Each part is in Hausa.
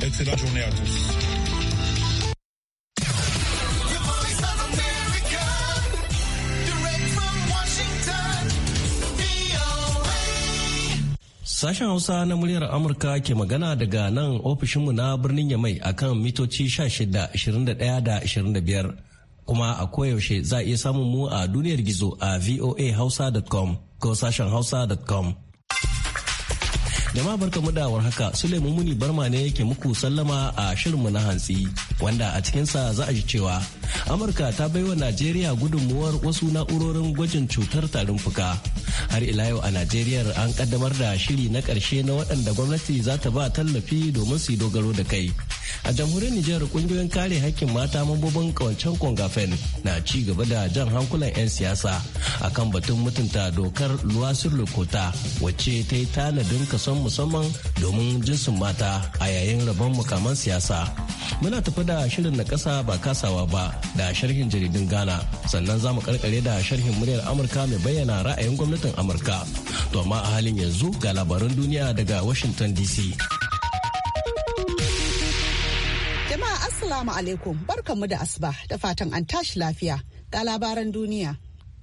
Excellente journée à tous. Sashen Hausa na muryar Amurka ke magana daga nan ofishinmu na birnin Yamai akan mitoci 16, 21 25 kuma a koyaushe za a iya samun mu a duniyar gizo a voahausa.com ko sashen hausa.com. Jama'a mu da haka Suleiman Muni Barma ne yake muku sallama a shirinmu na hantsi wanda a cikinsa za a ji cewa Amurka ta baiwa Najeriya gudunmuwar wasu na'urorin gwajin cutar tarin fuka. Har ila yau a Najeriya an kaddamar da shiri na karshe na waɗanda gwamnati za ta ba tallafi domin su dogaro da kai. A jamhuriyar Nijar kungiyoyin kare hakkin mata mambobin kawancen Kongafen na ci gaba da jan hankulan 'yan siyasa akan batun mutunta dokar luwasir lokota wacce ta yi tanadin kason musamman domin jinsin mata a yayin rabon mukaman siyasa. Muna tafi da shirin na ƙasa ba kasawa ba da sharhin jaridun Ghana sannan za mu karkare da sharhin muryar Amurka mai bayyana ra'ayin gwamnatin Amurka. To amma a halin yanzu ga labaran duniya daga Washington DC. Jama'a Assalamu alaikum barkanmu da asuba da fatan an tashi lafiya ga labaran duniya.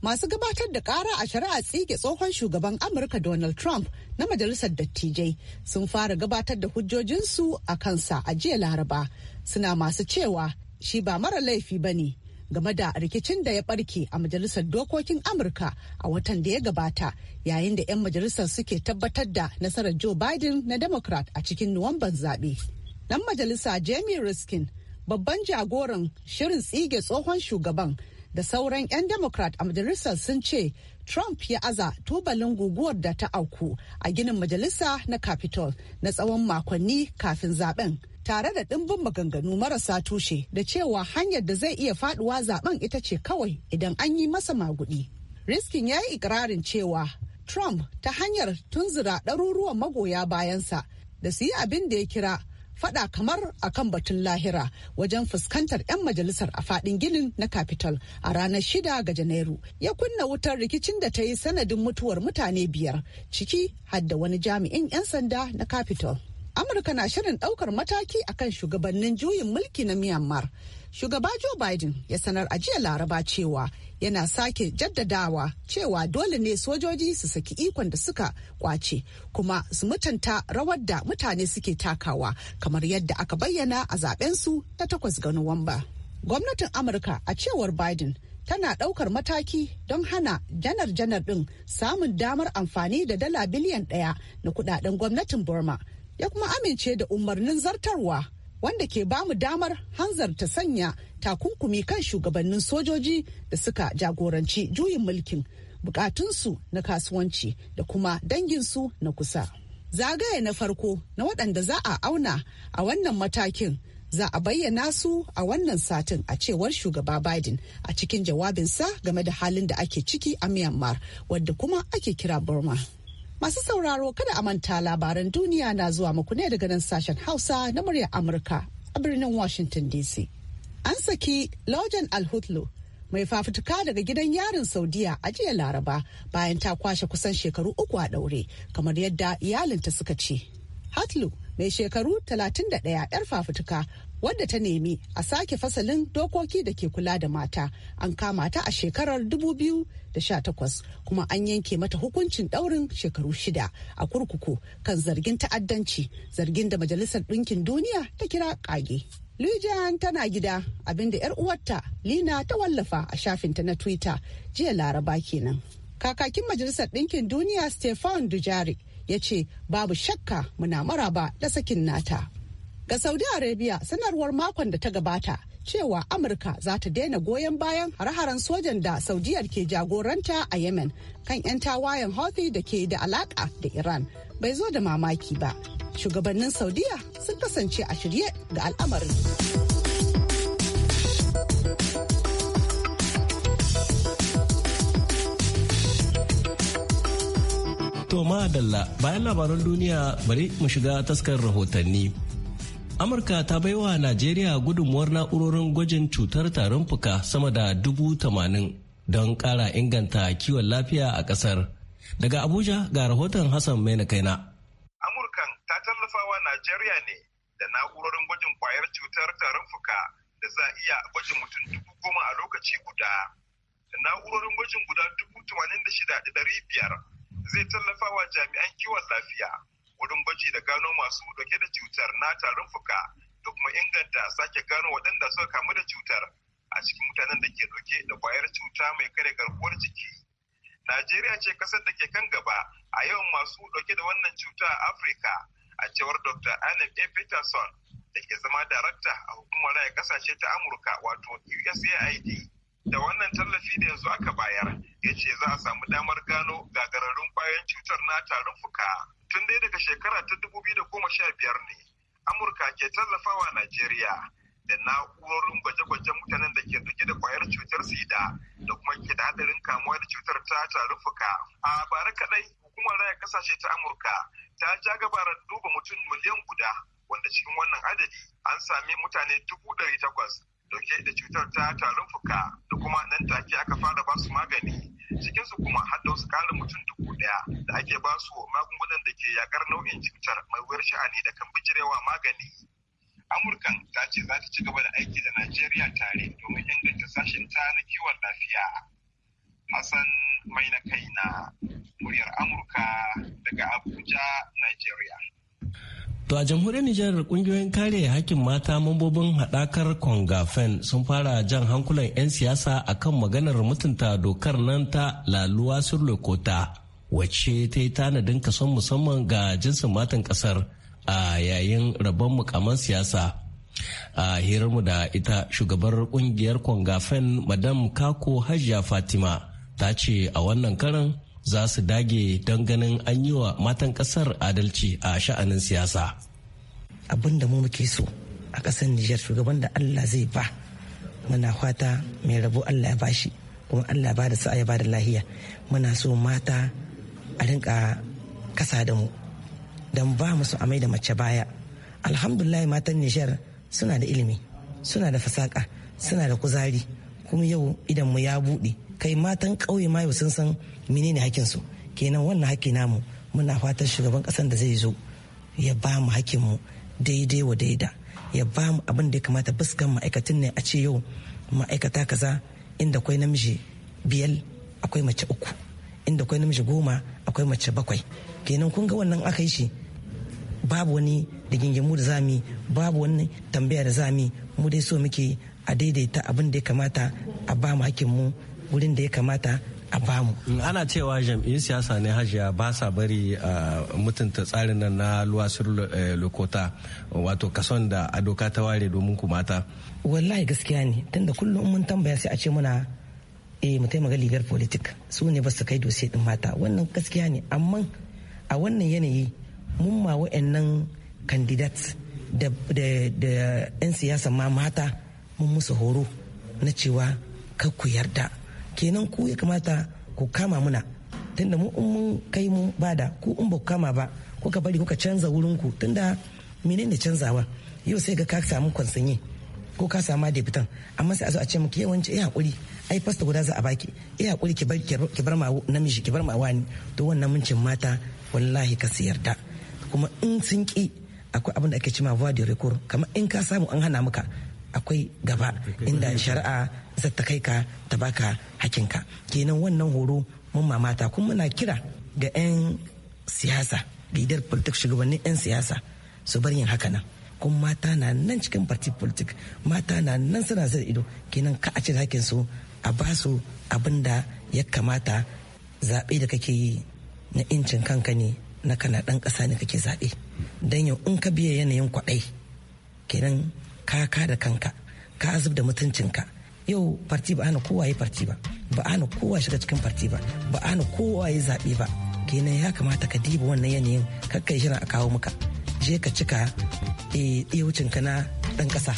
Masu gabatar da kara a shari'a tsige tsohon shugaban Amurka Donald Trump na Majalisar Dattijai sun fara gabatar da hujjojinsu a kansa a jiya Laraba. Suna masu cewa shi ba mara laifi ba ne game da rikicin da ya barke a Majalisar Dokokin Amurka a watan da ya gabata yayin da 'yan majalisar suke tabbatar da nasarar Joe Biden na Democrat a cikin Nuwamban zaɓe. Dan majalisa Jamie Riskin, babban jagoran shirin tsige tsohon shugaban da sauran 'yan democrat a majalisar sun ce trump ya aza tubalin guguwar da ta auku a ginin majalisa na capitol na tsawon makonni kafin zaben tare da ɗimbin maganganu marasa tushe da cewa hanyar da zai iya faduwa zaben ita ce kawai idan an yi masa magudi riskin ya yi ikirarin cewa trump ta hanyar tunzura ɗaruruwan magoya bayansa da su yi abin da ya kira fada kamar a kan batun lahira wajen fuskantar 'yan majalisar a fadin ginin na capital a ranar shida ga janairu ya kunna wutar rikicin da ta yi sanadin mutuwar mutane biyar ciki hadda wani jami'in 'yan sanda na capital amurka na shirin daukar mataki akan shugabannin juyin mulki na myanmar Shugaba Joe Biden ya sanar a jiya Laraba cewa yana sake jaddadawa cewa dole ne sojoji su saki ikon da suka kwace kuma su mutunta rawar da mutane suke takawa kamar yadda aka bayyana a su ta takwas ga Nuwamba. Gwamnatin Amurka a cewar Biden tana ɗaukar mataki don hana janar-janar ɗin samun damar amfani da dala biliyan ɗaya na kuɗaɗen gwamnatin Burma ya kuma amince da umarnin zartarwa wanda ke bamu damar hanzarta sanya takunkumi kan shugabannin sojoji da suka jagoranci juyin mulkin bukatunsu na kasuwanci da kuma danginsu na kusa. Zagaya na farko na waɗanda za a auna a wannan matakin za a bayyana su a wannan satin a cewar shugaba Biden a cikin jawabinsa game da halin da ake ciki a Myanmar wadda kuma ake kira Burma. Masu sauraro kada a manta labaran duniya na zuwa muku ne daga nan sashen Hausa na muryar Amurka a birnin Washington DC. An saki Lojan Alhutlu mai fafutuka daga gidan yarin Saudiya a jiya Laraba bayan ta kwashe kusan shekaru uku a ɗaure kamar yadda iyalinta suka ce. hutlu mai shekaru 31 'yar fafutuka wadda ta nemi a sake fasalin dokoki da ke kula da mata an kama ta a shekarar 2018 kuma an yanke mata hukuncin daurin shekaru shida a kurkuku kan zargin ta'addanci zargin da majalisar ɗinkin duniya ta kira Kage. lujan tana gida abinda 'yar uwarta Lina ta wallafa a shafinta na Twitter jiya Laraba kenan. Kakakin Majalisar Ɗinkin Duniya Stefan Dujari. ya ce babu shakka muna maraba da sakin nata. Ga Saudi Arabia sanarwar makon da ta gabata cewa Amurka za ta daina goyon bayan har-haren sojan da Saudiyar ke jagoranta a Yemen kan 'yan tawayen Houthi da ke da alaka da Iran bai zo da mamaki ba. Shugabannin Saudiya sun kasance a shirye ga al'amarin. To madalla bayan labaran duniya bari mu shiga taskar rahotanni. Amurka ta baiwa Najeriya gudunmuwar na'urorin gwajin cutar tarin fuka sama da dubu tamanin don ƙara inganta kiwon lafiya a ƙasar. Daga Abuja ga rahoton Hassan Maina Kaina. Amurkan ta tallafawa Najeriya ne da na'urorin gwajin kwayar cutar tarin fuka da za iya gwajin mutum dubu goma a lokaci guda. Da na'urorin gwajin guda dubu tamanin da shida da ɗari biyar zai tallafa wa jami'an kiwon lafiya wurin gwaji da gano masu dauke da cutar na tarin fuka da kuma inganta sake gano waɗanda suka kamu da cutar a cikin mutanen da ke dauke da kwayar cuta mai kare garkuwar jiki. Najeriya ce kasar da ke kan gaba a yawan masu dauke da wannan cuta a Afirka a cewar Dr. Anne A. Peterson da ke zama darakta a hukumar raya kasashe ta Amurka wato USAID. Da wannan tallafi da yanzu aka bayar ya ce za a samu damar gano kwayoyin cutar na tarin fuka tun dai daga shekara ta dubu biyu da goma sha biyar ne amurka ke tallafawa najeriya da na'urorin gwaje-gwajen mutanen da ke dauke da kwayar cutar sida da kuma ke da hadarin kamuwa da cutar ta tarin fuka a bara kadai hukumar raya kasashe ta amurka ta ja gabarar duba mutum miliyan guda wanda cikin wannan adadi an sami mutane dubu ɗari takwas dauke da cutar ta tarin fuka da kuma nan take aka fara basu magani cikin su kuma har da wasu ƙarin mutum dubu ɗaya da ake ba su magungunan da ke yakar nau'in cutar mai wuyar sha'ani da kan bijirewa magani amurkan ta ce za ta ci gaba da aiki da najeriya tare domin inganta sashen ta na kiwon lafiya hassan mai na kaina muryar amurka daga abuja nigeria To a jamhuriyar Nijar kungiyoyin kare hakkin mata mambobin haɗakar Kongafen sun fara jan hankulan 'yan siyasa a kan maganar mutunta dokar nan ta laluwa sur lokota wacce ta yi tanadin kason musamman ga jinsin matan ƙasar a yayin rabon mukaman siyasa. A hirarmu da ita shugabar kungiyar Kongafen Madam Kako Hajiya Fatima ta ce a wannan karan za su dage don ganin an yi wa matan kasar adalci a sha'anin siyasa abin da mu muke so a ƙasar nijar shugaban da allah zai ba muna fata mai rabu allah ya bashi kuma allah ba da sa'a ya ba da lahiya muna so mata a rinka kasa da mu don ba musu amai da mace baya alhamdulillah matan nijar suna da ilimi suna da fasaka suna da kuzari kuma yau idan mu ya buɗe kai matan ƙauye ma sun san menene su kenan wannan hakki namu muna fatan shugaban kasan da zai zo ya ba mu mu daidai wa daida ya ba mu abin da ya kamata fuskan ma'aikatan ne a ce yau ma'aikata kaza inda akwai namiji biyar akwai mace uku inda akwai namiji goma akwai mace bakwai kenan kun ga wannan aka yi shi babu wani da gingimu da zami babu wani tambaya da zami mu dai so muke a daidaita abin da ya kamata a ba mu hakkin mu wurin da ya kamata a bamu. ana cewa jam'iyyun siyasa ne hajiya ba sa bari a mutunta tsarin nan na luwasir eh, lokota wato kason da a doka ta ware domin ku mata wallahi gaskiya ne tunda kullum mun tambaya sai a ce muna eh mu taimaka ligar politik su ne ba su kai dosiye din mata wannan gaskiya ne amma a wannan yanayi mun ma wa'annan kandidat da 'yan siyasa ma mata mun musu horo na cewa ku yarda kenan ku ya kamata ku kama muna tunda mu in mun kai mu bada ku in ba ku kama ba kuka bari kuka canza wurin ku tunda menene canzawa yau sai ga ka samu kwansanyi ko ka samu debutan amma sai a zo a ce miki yawanci ai eh hakuri ai fasta guda za a baki ai eh hakuri ki bar ki bar ma namiji ki bar ma wani to wannan muncin mata wallahi ka siyarta kuma in sun ki akwai abin da ake cewa voir de recours kamar in ka samu an hana maka akwai gaba inda shari'a zata kai ka ta baka hakinka kenan wannan horo mun mamata kuma muna kira ga 'yan siyasa lidar politik shugabannin 'yan siyasa su bar yin haka nan kuma mata na nan cikin party politik mata na nan suna zai ido kenan ka a cire hakin su a ba su abin da ya kamata zaɓe da kake yi na incin kanka ne na kana ɗan ƙasa ne kake zaɓe don yau in ka biya yanayin kwaɗai kenan ka ka da kanka ka azub da mutuncinka yau farti ba hana kowa ya farti ba ba hana kowa shiga cikin farti ba ba hana kowa ya zaɓe ba kenan ya kamata ka diba wannan yanayin yi shirin a kawo maka je ka cika e, wucin ka na ɗan ƙasa.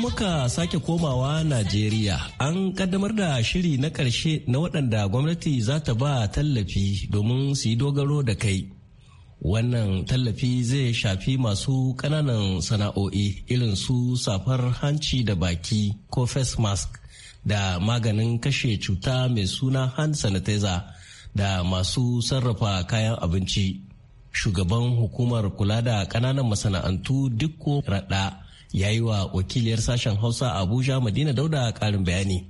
muka sake komawa Najeriya, an kaddamar da shiri na ƙarshe na waɗanda gwamnati za ta ba tallafi domin su yi dogaro da kai. Wannan tallafi zai shafi masu ƙananan sana'o'i irin su safar hanci da baki ko face mask da maganin kashe cuta mai suna hand sanitizer da masu sarrafa kayan abinci. Shugaban hukumar kula da ƙananan masana'antu duk ko raɗa. ya yi wa wakiliyar sashen hausa abuja madina dauda karin bayani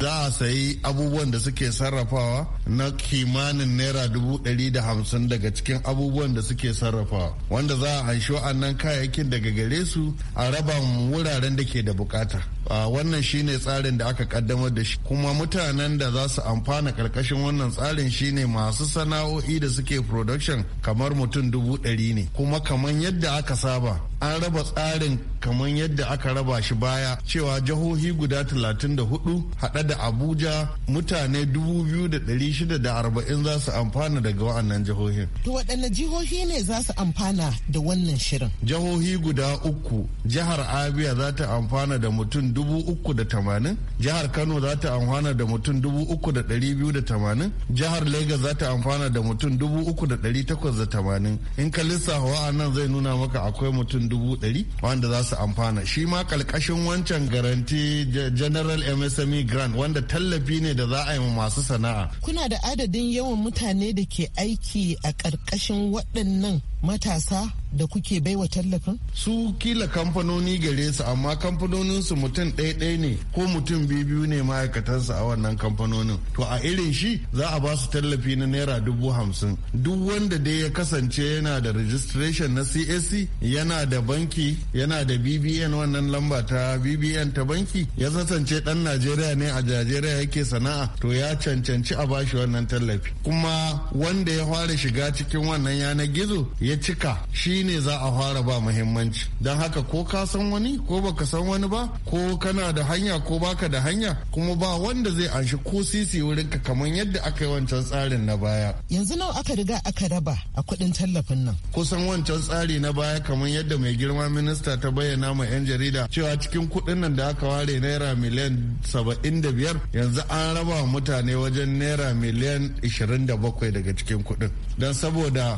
za a sayi abubuwan da suke sarrafawa na kimanin naira dubu ɗari da hamsin daga cikin abubuwan da suke sarrafawa wanda za a anshi wa'annan kayayyakin daga gare su a raba wuraren da ke da bukata wannan shine tsarin da aka kaddamar da shi kuma mutanen da za su amfana karkashin wannan tsarin shine masu sana'o'i da suke production kamar mutum dubu ɗari ne kuma kamar yadda aka saba an raba tsarin kamar yadda aka raba shi baya cewa jihohi guda 34 hada da abuja mutane 2,640 za su amfana daga wa'annan jihohin to waɗanne jihohi ne za su amfana da wannan shirin jihohi guda uku jihar abia za ta amfana da mutum dubu uku da tamanin jihar kano za ta amfana da mutum dubu uku da ɗari biyu da tamanin jihar lagos za ta amfana da mutum dubu uku da ɗari takwas da tamanin in ka lissafa a nan zai nuna maka akwai mutum dubu ɗari wanda za su amfana shi ma ƙarƙashin wancan garanti general msme grant wanda tallafi ne da za a yi masu sana'a kuna da adadin yawan mutane da ke aiki a ƙarƙashin waɗannan matasa da kuke baiwa tallafin? Su kila kamfanoni gare su amma kamfanonin su mutum ɗaya ne ko mutum biyu biyu ne ma'aikatansa a wannan kamfanonin. To a irin shi za a ba su tallafi na naira dubu hamsin. Duk wanda dai ya kasance yana da registration na CAC yana da banki yana da BBN wannan lamba ta BBN ta banki ya kasance ɗan Najeriya ne a Najeriya yake sana'a to ya cancanci a bashi wannan tallafi. Kuma wanda ya fara shiga cikin wannan yanar gizo ya cika shi ne za a fara ba muhimmanci don haka ko ka san wani ko baka san wani ba ko kana da hanya ko baka da hanya kuma ba wanda zai anshi ko sisi wurin ka kamar yadda aka yi wancan tsarin na baya yanzu nawa aka riga aka raba a kuɗin tallafin nan kusan wancan tsari na baya kamar yadda mai girma minista ta bayyana ma 'yan jarida cewa cikin kuɗin nan da aka ware naira miliyan saba'in da biyar yanzu an raba mutane wajen naira miliyan ishirin da bakwai daga cikin kuɗin don saboda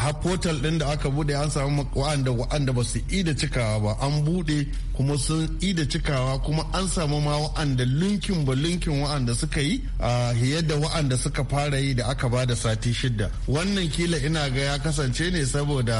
har portal ɗin da aka bude an samu wa'anda wa'anda ba su ida cikawa ba an bude kuma sun ida cikawa kuma an samu ma wa'anda linkin ba linkin wa'anda suka yi a hiye da wa'anda suka fara yi da aka ba da sati shida wannan kila ina ga ya kasance ne saboda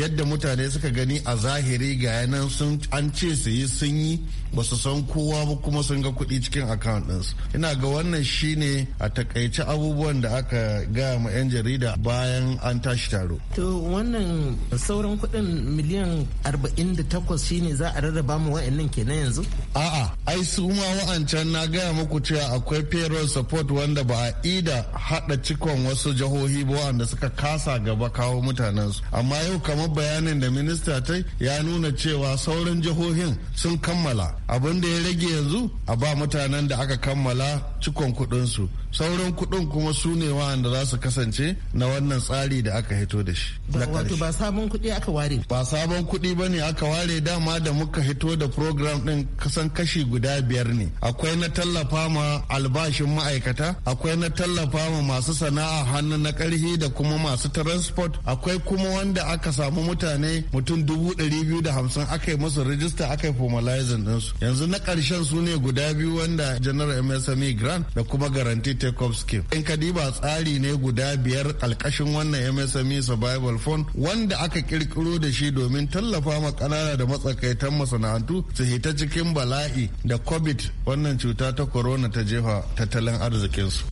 yadda mutane suka gani a zahiri ga yanan sun an ce su yi sun yi ba su san kowa ba kuma sun ga kuɗi cikin account ɗinsu ina ga wannan shine a takaici abubuwan da aka gaya ma 'yan jarida ba bayan an tashi taro. To wannan sauran kuɗin miliyan 48 shine za a rarraba mu wa'annan kenan yanzu? A'a, ai su ma wa'ancan na gaya muku cewa akwai payroll support wanda ba a ida haɗa cikon wasu jihohi ba wanda suka kasa gaba kawo mutanensu. Amma yau kamar bayanin da minista ta ya nuna cewa sauran jihohin sun kammala. Abin da ya rage yanzu a ba mutanen da aka kammala cikon kuɗinsu. Sauran kuɗin kuma su ne wa'anda za su kasance na wani wannan tsari da aka hito da shi wato ba sabon kuɗi aka ware ba sabon kuɗi ba ne aka ware dama da muka hito da program ɗin kasan kashi guda biyar ne akwai na tallafa ma albashin ma'aikata akwai na tallafa ma masu sana'a hannu na ƙarfi da kuma masu transport akwai kuma wanda aka samu mutane mutum dubu ɗari biyu da hamsin aka yi musu rijista aka yi formalizing ɗinsu yanzu na ƙarshen su ne guda biyu wanda general msme grant da kuma guarantee take up scheme in ka diba tsari ne guda biyar alƙashin ƙarƙashin wannan MSME Survival Fund wanda aka ƙirƙiro da shi domin tallafa ma kanana da matsakaitan masana'antu su hita cikin bala'i da COVID wannan cuta ta corona ta jefa tattalin arzikinsu.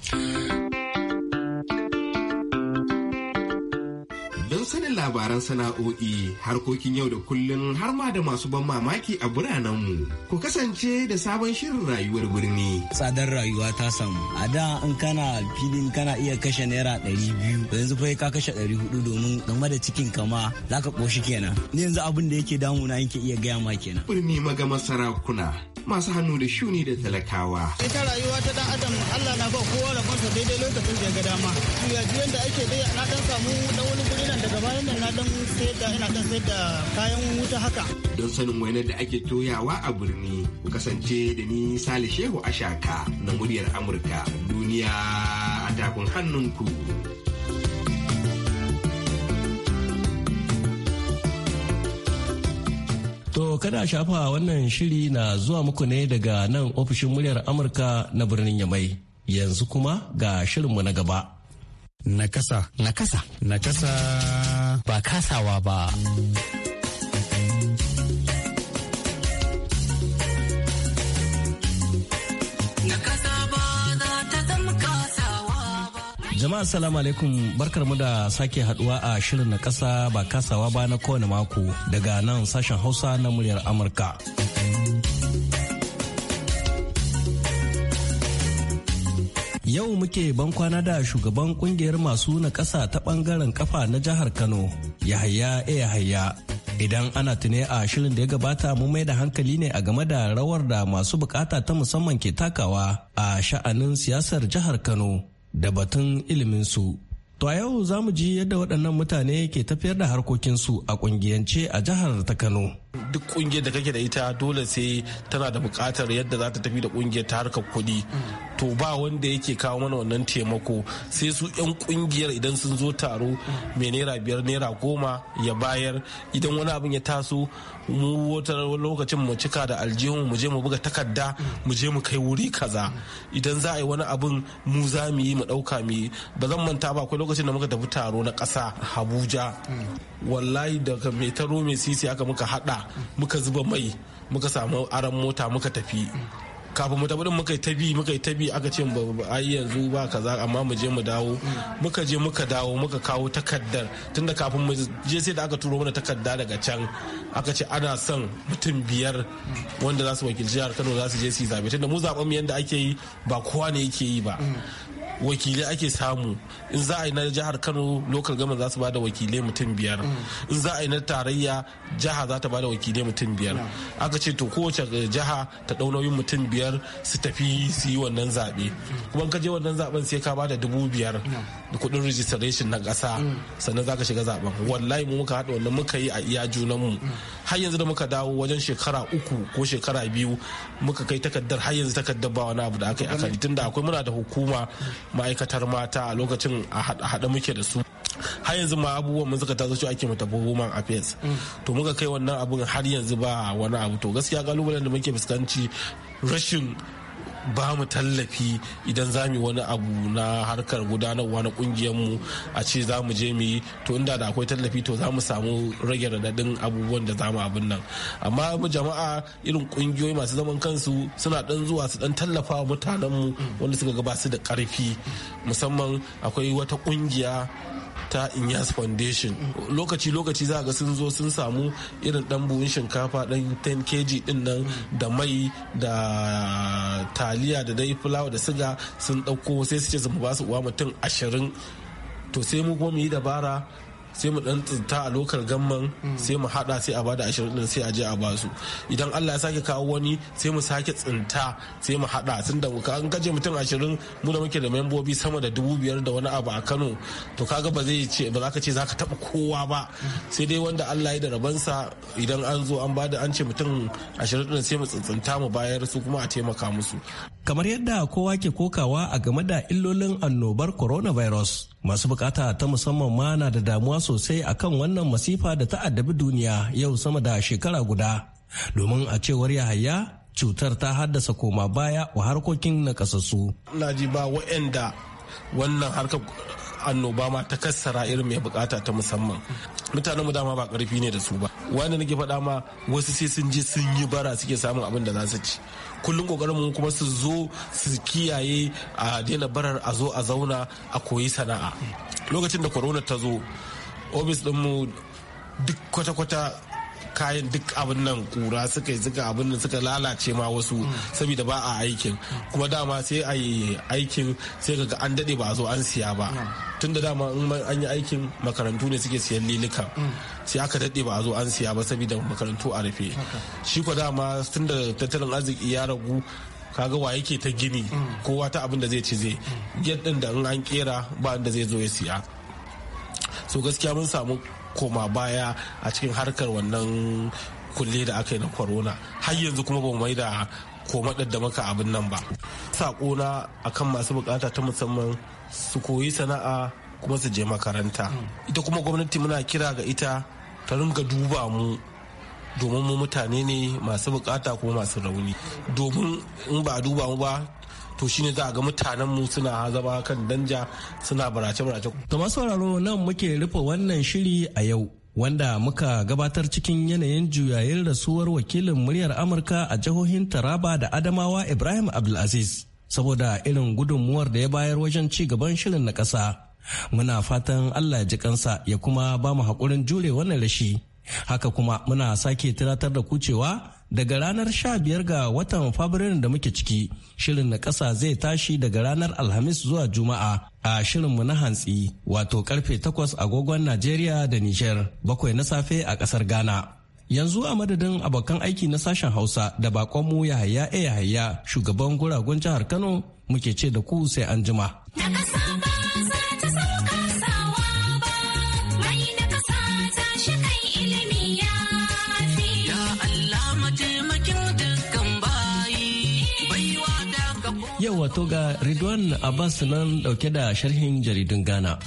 labaran sana'o'i harkokin yau da kullun har ma da masu ban mamaki a biranenmu. Ku kasance da sabon shirin rayuwar birni. Tsadar rayuwa ta samu. A da in kana filin kana iya kashe naira ɗari biyu yanzu fa ka kashe ɗari hudu domin game da cikin kama za ka ƙoshi kenan. Ni yanzu abin da yake damuna yake iya gaya ma kenan. Birni magama sarakuna masu hannu da shuni da talakawa. Ita rayuwa ta dan adam Allah na ba kowa rabonsa daidai lokacin da ya ga dama. Yanzu yadda ake dai na dan samu dan wani guri nan daga bayan nan Ina dan sayar da ina dan sayar da kayan wuta haka. Don sanin wainar da ake toyawa a birni ku kasance da ni Sale Shehu Ashaka na muryar Amurka duniya a takun hannunku. To kada shafa wannan shiri na zuwa muku ne daga nan ofishin muryar Amurka na birnin Yamai. Yanzu kuma ga shirinmu na gaba. Nakasa. Nakasa. Nakasa. Ba kasawa ba. Jama'a salamu alaikum barkar mu da sake haduwa a shirin na kasa ba kasawa ba na kowane mako daga nan sashen hausa na muryar Amurka. Yau muke bankwana da shugaban kungiyar masu na ƙasa ta ɓangaren ƙafa na jihar Kano, Yahaya e Yahaya. Idan ana tune a shirin da ya gabata mu mai da hankali ne a game da rawar da masu bukata ta musamman ke takawa a sha'anin siyasar jihar Kano da batun iliminsu. To a yau za mu ji yadda waɗannan mutane ke tafiyar da harkokinsu a ƙungiyance a jihar ta Kano. duk kungiyar da kake da ita dole sai tana da bukatar yadda za ta tafi da kungiyar ta harkar kuɗi to ba wanda yake kawo mana wannan taimako sai su 'yan kungiyar idan sun zo taro mai naira biyar naira goma ya bayar idan wani abin ya taso mu wata lokacin mu cika da aljihun mu je mu buga takarda mu je mu kai wuri kaza idan za a yi wani abin mu za mu yi mu ɗauka mu yi ba zan manta ba akwai lokacin da muka tafi taro na kasa. abuja wallahi daga mai taro mai sisi aka muka haɗa muka zuba mai muka samu aran mota muka tafi kafin mu tafi muka ta bi muka ta bi aka ce ai yanzu ba kaza amma mu je mu dawo muka je muka dawo muka kawo takardar tunda kafin mu je sai da aka turo mana takarda daga can aka ce ana son mutum biyar wanda za su wakilci jihar Kano za su je su zabe tunda mu zaben mu yanda ake yi ba kowa ne yake yi ba wakilai ake samu in za a yi na jihar kano local gama za su ba da wakilai mutum biyar in za a yi na tarayya jiha za ta ba da wakilai mutum biyar aka ce to kowace eh, jiha ta ɗau nauyin mutum biyar su tafi su yi wannan zaɓe kuma ka je wannan zaɓen sai ka bada da dubu biyar da kuɗin registration na ƙasa mm. sannan za ka shiga zaɓen wallahi mu muka haɗa wannan muka yi a iya junanmu mm. har yanzu da muka dawo wajen shekara uku ko shekara biyu muka kai takardar har yanzu takardar ba wani abu da aka yi akali tunda akwai muna da hukuma mm. ma'aikatar mata a lokacin a haɗe muke da su har yanzu ma abubuwan mun suka tazo ake mu tafi affairs mm. to muka kai wannan abun har yanzu ba wani abu to gaskiya kalubalen da muke fuskanci rashin ba mu tallafi idan za mu yi wani abu na harkar gudanarwa na mu a ce za mu je mu yi to inda da akwai tallafi to za mu samu rage radadin abubuwan da za mu abin nan amma mu jama'a irin kungiyoyi masu zaman kansu suna dan zuwa su dan tallafa wa mutanenmu wanda suka ga ba su da karfi musamman akwai wata kungiya ta inyas foundation lokaci-lokaci za ga sun zo sun samu irin dan buhun shinkafa dan 10 kg din nan da mai da taliya da dai fulawa da siga sun dauko sai su ce su ba su uwa mutum ashirin to sai mu kuma mu dabara sai mu dan tsinta a lokal gamman sai mu hada sai a bada ashirin din sai a je a basu idan Allah ya sake kawo wani sai mu sake tsinta sai mu hada tun da an gaje mutum ashirin mu da muke da membobi sama da dubu biyar da wani abu a Kano to kaga ba zai ce ba za ka ce za ka taba kowa ba sai dai wanda Allah ya da rabansa idan an zo an bada an ce mutum ashirin din sai mu tsintsinta mu bayar su kuma a taimaka musu kamar yadda kowa ke kokawa a game da illolin annobar coronavirus masu bukata ta musamman ma na da damuwa sosai akan wannan masifa da ta addabi duniya yau sama da shekara guda domin a cewar yahaya cutar ta haddasa koma baya wa harkokin nakasassu. na ji ba wa'anda wannan harkar annoba ma ta kassara irin mai bukata ta musamman mutanen mu dama ba karfi ne da su ba wanda nake faɗa ma wasu sai sun je sun yi bara suke samun abin da za su ci kullum kokarin mu kuma su zo su kiyaye a daina barar a zo a zauna a koyi sana'a lokacin da corona ta zo ofis mu duk kwata-kwata kayan duk abin nan kura suka zika abin nan suka lalace ma wasu saboda ba a aikin kuma dama sai a yi aikin sai ga an dade ba a zo an siya ba hmm. tun da dama an yi aikin makarantu ne suke siyan lilika hmm. sai aka dade ba a zo an siya ba saboda makarantu a rufe shi ko dama tun da tattalin arziki ya ragu kaga wa yake ta gini hmm. kowa ta abin da zai ci zai yadda da in an kera ba da zai zo ya siya so gaskiya mun samu koma baya a cikin harkar wannan kulle da aka yi na corona har yanzu kuma ba mai da koma da maka abin nan ba sako na akan masu bukata ta musamman su koyi sana'a kuma su je makaranta ita kuma gwamnati muna kira ga ita ta ringa duba mu domin mu mutane ne masu bukata kuma masu rauni domin in ba duba mu ba to shine za a ga mutanen mu suna zama kan danja suna barace barace to masu sauraro nan muke rufe wannan shiri a yau wanda muka gabatar cikin yanayin juyayin rasuwar wakilin muryar amurka a jihohin taraba da adamawa ibrahim abdulaziz saboda irin gudunmuwar da ya bayar wajen ci gaban shirin na kasa muna fatan allah ji kansa ya kuma ba mu haƙurin jure wannan rashi haka kuma muna sake tunatar da kucewa. daga ranar sha biyar ga watan fabrairu da muke ciki shirin na ƙasa zai tashi daga ranar alhamis zuwa juma'a a mu na hantsi wato karfe takwas agogon najeriya da nijar bakwai na safe a ƙasar ghana yanzu a madadin abokan aiki na sashen hausa da ya yahaya e yahaya shugaban guragun jihar kano muke ce da ku sai an jima. Toga ga Ridwan Abbas nan dauke da sharhin jaridun Ghana.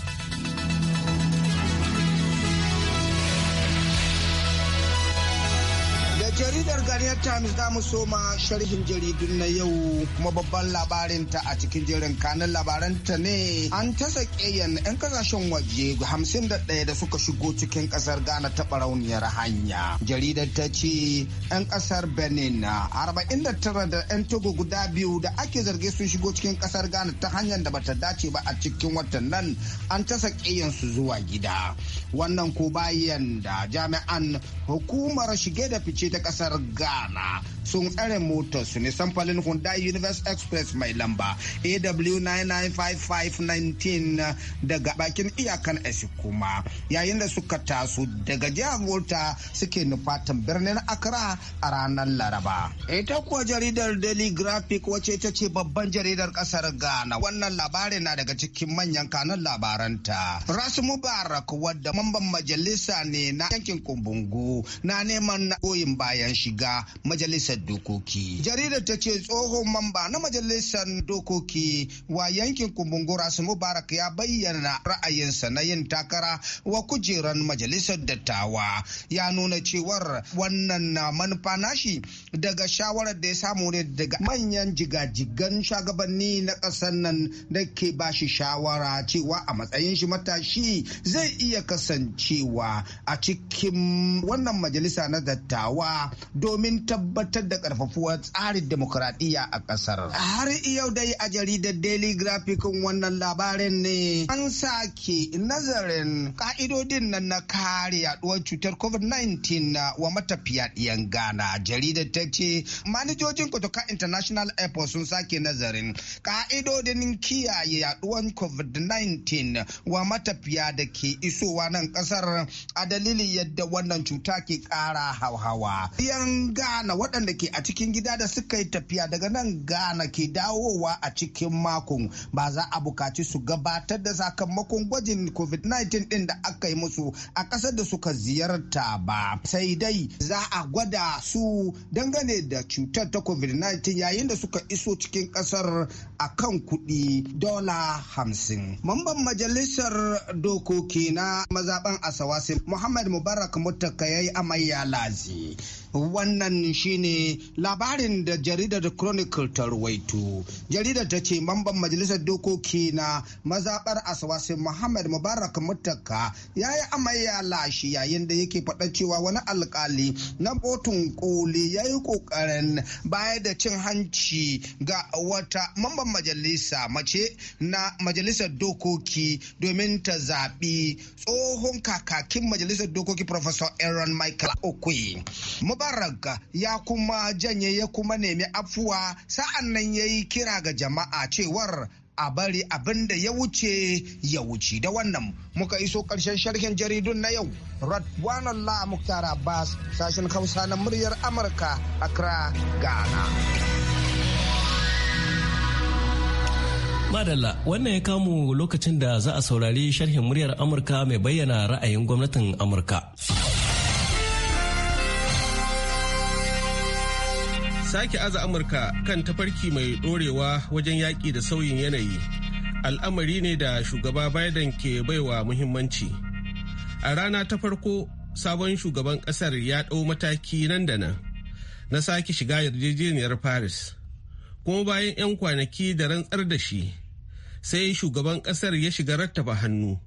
jaridar times za mu soma sharhin jaridun na yau kuma babban labarinta a cikin jerin kanin labaranta ne an ta yan 'yan kasashen waje 51 da suka shigo cikin kasar ghana ta barauniyar hanya jaridar ta ce 'yan kasar benin 49 da 'yan togo guda biyu da ake zarge sun shigo cikin kasar ghana ta hanyar da bata dace ba a cikin watan nan an ta yan su zuwa gida wannan ko bayan da jami'an hukumar shige da fice ta kasar ghana rana sun tsare motar su ne samfalin Hyundai Universe Express mai lamba AW995519 daga bakin iyakan kuma yayin da suka taso daga jihar Volta suke nufatan birnin Accra a ranar Laraba. Ita kuwa jaridar Daily Graphic wace ta ce babban jaridar kasar Ghana wannan labarin na daga cikin manyan kanan labaranta. Rasu Mubarak wadda mamban majalisa ne na yankin Kumbungu na neman goyin bayan shiga majalisar dokoki. Jaridar ta ce tsohon mamba na majalisar dokoki wa yankin Kumbungura su Mubarak ya bayyana ra'ayinsa na yin takara wa kujeran majalisar dattawa. Ya nuna cewar wannan na manufa nashi daga shawarar da ya samu ne daga manyan jigajigan shagabanni na ƙasar nan da ke ba shi shawara cewa a matsayin shi matashi zai iya kasancewa a cikin wannan majalisa na dattawa domin tabbatar da karfafuwar tsarin demokuraɗiyya a ƙasar. Har yau dai a jaridar Daily Graphic wannan labarin ne an sake nazarin ka'idodin nan na kare yaduwar cutar COVID-19 wa matafiya ɗiyan gana Jaridar ta ce manijojin Kotoka International Airport sun sake nazarin ka'idodin kiyaye yaduwar COVID-19 wa matafiya da ke isowa nan ƙasar a dalilin yadda wannan cuta ke kara hauhawa. Ɗiyan Ghana na waɗanda ke a cikin gida da suka yi tafiya daga nan gana ke dawowa a cikin makon ba za a bukaci su gabatar da sakamakon gwajin COVID-19 ɗin da aka yi musu a ƙasar da suka ziyarta ba. Sai dai za a gwada su dangane da cutar ta COVID-19 yayin da suka iso cikin ƙasar a kan kuɗi dola hamsin. Mamban majalisar dokoki na mazaɓen Asawasi Muhammad Mubarak Mutaka ya yi amayya lazi. wannan shine labarin da jaridar chronicle ta ruwaito jaridar ta ce mamban majalisar dokoki na mazabar aswasin muhammad mubarak mutaka ya yi amayya lashi yayin da yake faɗa cewa wani alkali na botun koli ya yi ƙoƙarin baya da cin hanci ga wata mamban majalisa mace na majalisar dokoki domin ta zaɓi tsohon kakakin majalisar dokoki professor aaron michael okwe mubarak ya kuma janye ya kuma nemi afuwa sa'an nan ya yi kira ga jama'a cewar a bari abin da ya wuce ya wuce da wannan muka iso karshen sharhin jaridun na yau radwanallah muktar abbas sashen hausa na muryar amurka kira ghana madalla wannan ya kamu lokacin da za a saurari sharhin muryar amurka mai bayyana ra'ayin gwamnatin amurka sake aza amurka kan tafarki mai dorewa wajen yaƙi da sauyin yanayi al'amari ne da shugaba biden ke baiwa muhimmanci a rana ta farko sabon shugaban ƙasar ya ɗau mataki nan da nan na sake shiga yarjejeniyar paris kuma bayan 'yan kwanaki da rantsar da shi sai shugaban ƙasar ya shiga rattaba hannu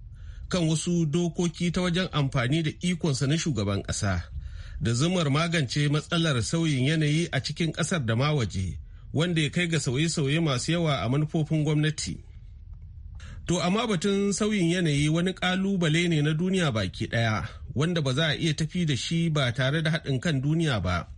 kan wasu dokoki ta wajen amfani da ikonsa na shugaban ƙasa. da zumar magance matsalar sauyin yanayi a cikin ƙasar da ma waje wanda ya kai ga sauye-sauye masu yawa a manufofin gwamnati. To amma batun sauyin yanayi wani ƙalubale ne na duniya baki ɗaya wanda ba za a iya tafi da shi ba tare da haɗin kan duniya ba.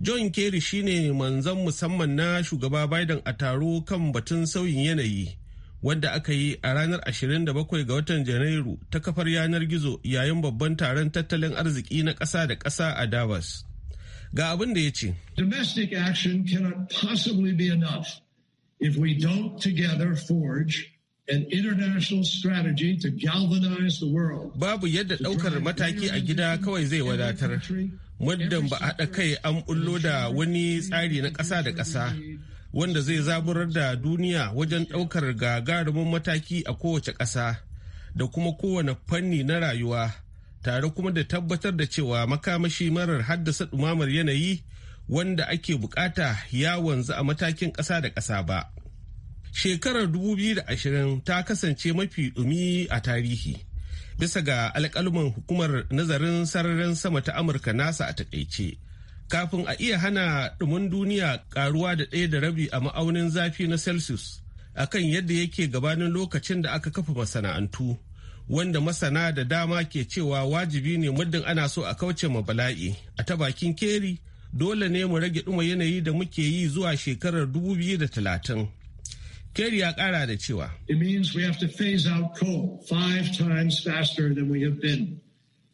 John Kerry shine Manzon musamman na shugaba Biden a taro kan batun sauyin yanayi wadda aka yi a ranar 27 ga watan janairu ta kafar yanar gizo yayin babban taron tattalin arziki na ƙasa da ƙasa a davos ga abin da ya ce domestic action cannot possibly be enough if we don't together forge an international strategy to galvanize the world babu yadda ɗaukar mataki a gida kawai zai wadatar muddin ba haɗa kai an bullo da wani tsari na ƙasa da ƙasa wanda zai zaburar da duniya wajen ɗaukar gagarumin mataki a kowace ƙasa da kuma kowane fanni na rayuwa tare kuma da tabbatar da cewa makamashi marar haddasa ɗumamar yanayi wanda ake bukata ya wanzu a matakin ƙasa da ƙasa ba. Shekarar 2020 ta kasance mafi ɗumi a tarihi. Bisa ga alƙalman hukumar nazarin sararin sama ta Amurka nasa a takaice. kafin a iya hana ɗumin duniya karuwa da ɗaya da rabi a ma'aunin zafi na celsius akan yadda yake gabanin lokacin da aka kafa masana'antu wanda masana da dama ke cewa wajibi ne muddin ana so a kauce ma bala'i a ta bakin keri dole ne mu rage ɗuma yanayi da muke yi zuwa shekarar 2030 Keri ya kara da cewa. It means we have to phase out coal five times faster than we have been.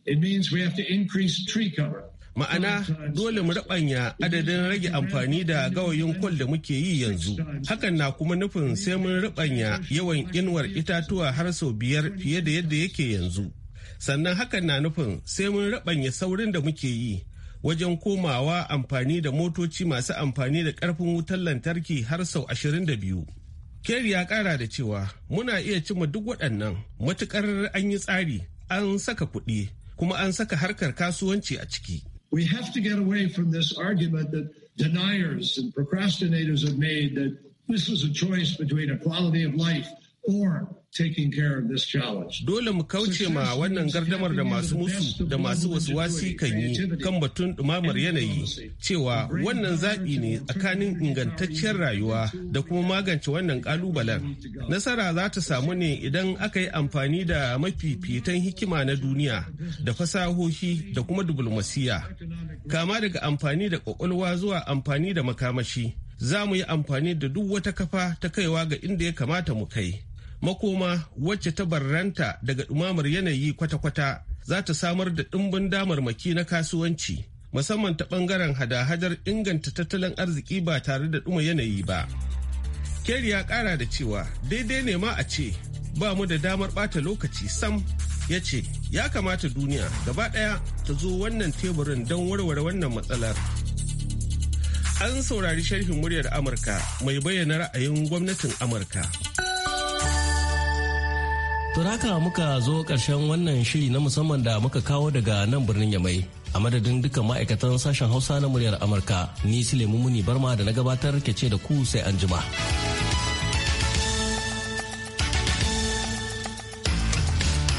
It means we have to increase tree cover ma'ana dole mu rabanya adadin rage amfani da gawayin kwal da muke yi yanzu hakan na kuma nufin sai mun rabanya yawan inuwar itatuwa har sau biyar fiye da yadda yake yanzu sannan hakan na nufin sai mun rabanya saurin da muke yi wajen komawa amfani da motoci masu amfani da karfin wutar lantarki har sau ashirin da biyu. ker ya kara da cewa muna iya cimma duk waɗannan matukar an yi tsari an saka kuɗi kuma an saka harkar kasuwanci a ciki. We have to get away from this argument that deniers and procrastinators have made that this was a choice between a quality of life Dole mu kauce ma wannan gardamar da masu musu da masu wasuwasi kan yi kan batun ɗumamar yanayi cewa wannan zaɓi ne tsakanin ingantacciyar rayuwa da kuma magance wannan ƙalubalen. Nasara za ta samu ne idan aka yi amfani da mafifitan hikima na duniya da fasahohi da kuma dubulmasiya. Kama daga amfani da ƙwaƙwalwa zuwa amfani da makamashi. Za mu yi amfani da duk wata kafa ta kaiwa ga inda ya kamata mu kai. makoma wacce ta barranta daga ɗumamar yanayi kwata-kwata za ta samar da ɗumbin damarmaki na kasuwanci musamman ta ɓangaren hada-hadar inganta tattalin arziki ba tare da ɗuma yanayi ba. Kerry ya ƙara da cewa daidai ne ma a ce ba mu da damar ɓata lokaci sam ya ce ya kamata duniya gaba ɗaya ta zo wannan teburin don warware wannan matsalar. An saurari sharhin muryar Amurka mai bayyana ra'ayin gwamnatin Amurka. Turaka muka zo ƙarshen wannan shiri na musamman da muka kawo daga nan birnin Yamai. A madadin dukkan ma'aikatan sashen Hausa na muryar Amurka, ni lemu Muni Barma da na gabatar ke ce da ku sai an jima.